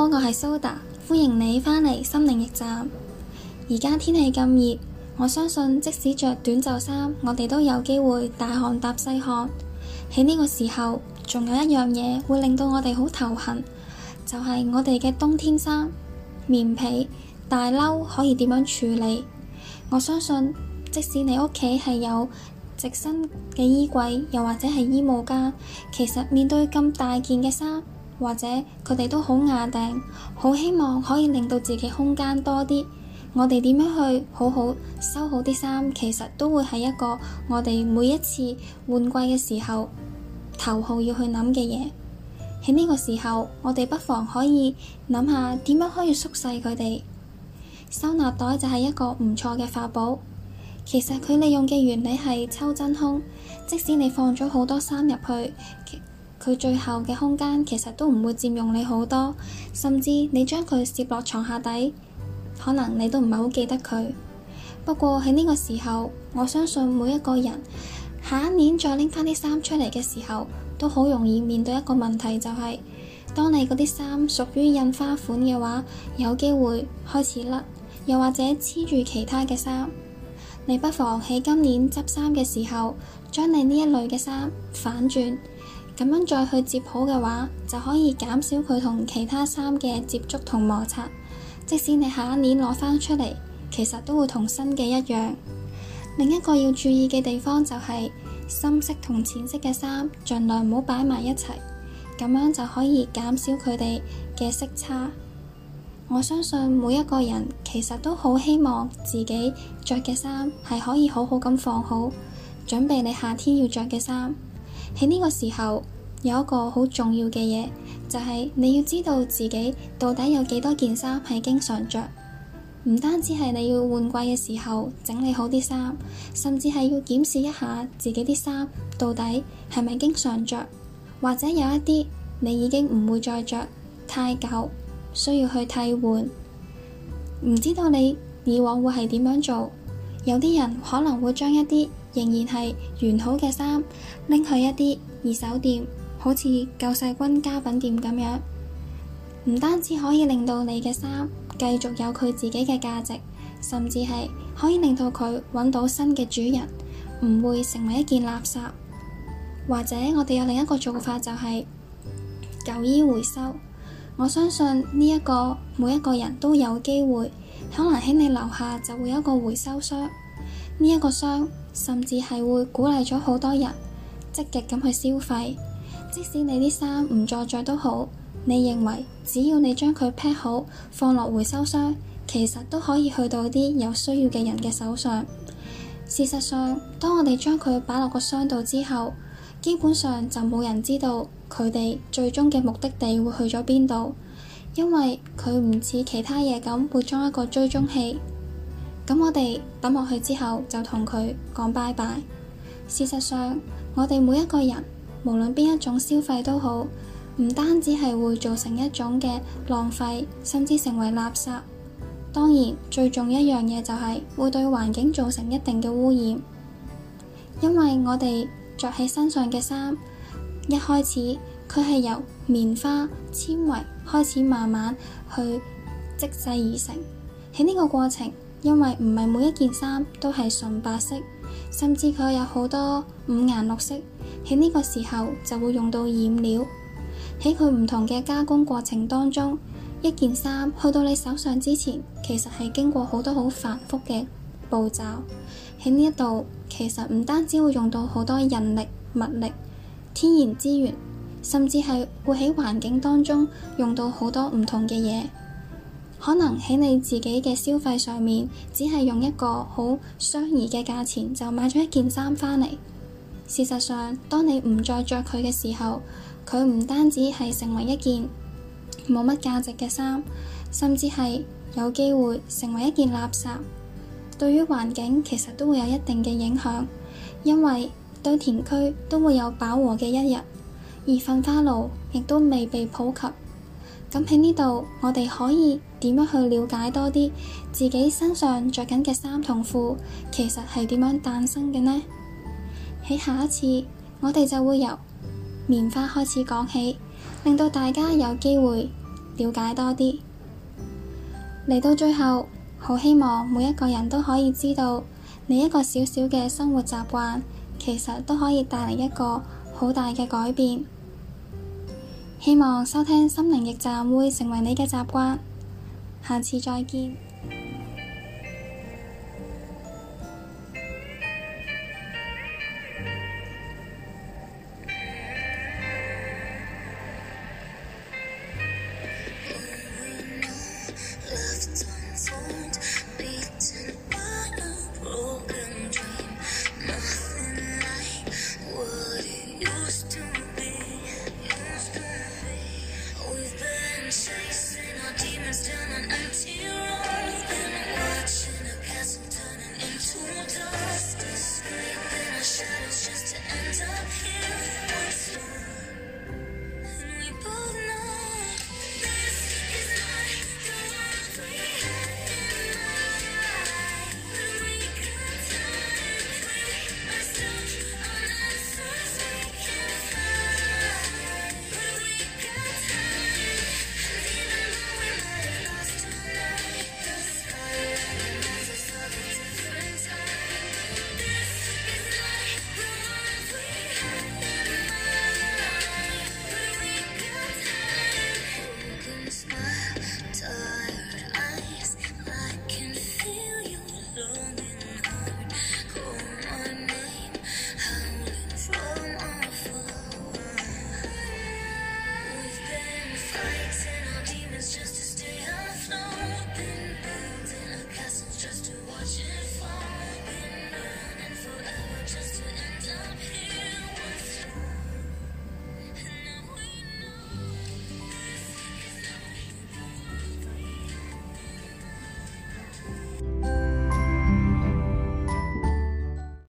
Hello, 我係蘇達，歡迎你返嚟心靈驛站。而家天氣咁熱，我相信即使着短袖衫，我哋都有機會大汗搭細汗。喺呢個時候，仲有一樣嘢會令到我哋好頭痕，就係我哋嘅冬天衫、棉被、大褸可以點樣處理？我相信，即使你屋企係有直身嘅衣櫃，又或者係衣帽間，其實面對咁大件嘅衫。或者佢哋都好壓定，好希望可以令到自己空間多啲。我哋點樣去好好收好啲衫，其實都會係一個我哋每一次換季嘅時候頭號要去諗嘅嘢。喺呢個時候，我哋不妨可以諗下點樣可以縮細佢哋。收納袋就係一個唔錯嘅法寶。其實佢利用嘅原理係抽真空，即使你放咗好多衫入去。佢最後嘅空間其實都唔會佔用你好多，甚至你將佢攝落床下底，可能你都唔係好記得佢。不過喺呢個時候，我相信每一個人下一年再拎翻啲衫出嚟嘅時候，都好容易面對一個問題，就是，就係當你嗰啲衫屬於印花款嘅話，有機會開始甩，又或者黐住其他嘅衫。你不妨喺今年執衫嘅時候，將你呢一類嘅衫反轉。咁樣再去折好嘅話，就可以減少佢同其他衫嘅接觸同摩擦。即使你下一年攞翻出嚟，其實都會同新嘅一樣。另一個要注意嘅地方就係深色同淺色嘅衫，盡量唔好擺埋一齊，咁樣就可以減少佢哋嘅色差。我相信每一個人其實都好希望自己着嘅衫係可以好好咁放好，準備你夏天要着嘅衫。喺呢個時候有一個好重要嘅嘢，就係你要知道自己到底有幾多件衫係經常着。唔單止係你要換季嘅時候整理好啲衫，甚至係要檢視一下自己啲衫到底係咪經常着，或者有一啲你已經唔會再着太久，需要去替換。唔知道你以往會係點樣做？有啲人可能會將一啲仍然係完好嘅衫，拎去一啲二手店，好似救世軍家品店咁樣，唔單止可以令到你嘅衫繼續有佢自己嘅價值，甚至係可以令到佢揾到新嘅主人，唔會成為一件垃圾。或者我哋有另一個做法，就是，就係舊衣回收。我相信呢、這、一個每一個人都有機會，可能喺你樓下就會有一個回收箱。呢一個箱，甚至係會鼓勵咗好多人積極咁去消費。即使你啲衫唔再着都好，你認為只要你將佢劈好，放落回收箱，其實都可以去到啲有需要嘅人嘅手上。事實上，當我哋將佢擺落個箱度之後，基本上就冇人知道佢哋最終嘅目的地會去咗邊度，因為佢唔似其他嘢咁會裝一個追蹤器。咁我哋抌落去之後，就同佢講拜拜。事實上，我哋每一個人，無論邊一種消費都好，唔單止係會造成一種嘅浪費，甚至成為垃圾。當然，最重要一樣嘢就係會對環境造成一定嘅污染。因為我哋着起身上嘅衫，一開始佢係由棉花纖維開始慢慢去織製而成，喺呢個過程。因為唔係每一件衫都係純白色，甚至佢有好多五顏六色。喺呢個時候就會用到染料。喺佢唔同嘅加工過程當中，一件衫去到你手上之前，其實係經過好多好繁複嘅步驟。喺呢一度，其實唔單止會用到好多人力、物力、天然資源，甚至係會喺環境當中用到好多唔同嘅嘢。可能喺你自己嘅消費上面，只係用一個好相宜嘅價錢就買咗一件衫翻嚟。事實上，當你唔再着佢嘅時候，佢唔單止係成為一件冇乜價值嘅衫，甚至係有機會成為一件垃圾。對於環境其實都會有一定嘅影響，因為堆填區都會有飽和嘅一日，而焚化爐亦都未被普及。咁喺呢度，我哋可以，點樣去了解多啲自己身上着緊嘅衫同褲，其實係點樣誕生嘅呢？喺下一次我哋就會由棉花開始講起，令到大家有機會了解多啲。嚟到最後，好希望每一個人都可以知道，你一個小小嘅生活習慣，其實都可以帶嚟一個好大嘅改變。希望收聽心靈驛站會成為你嘅習慣。下次再見。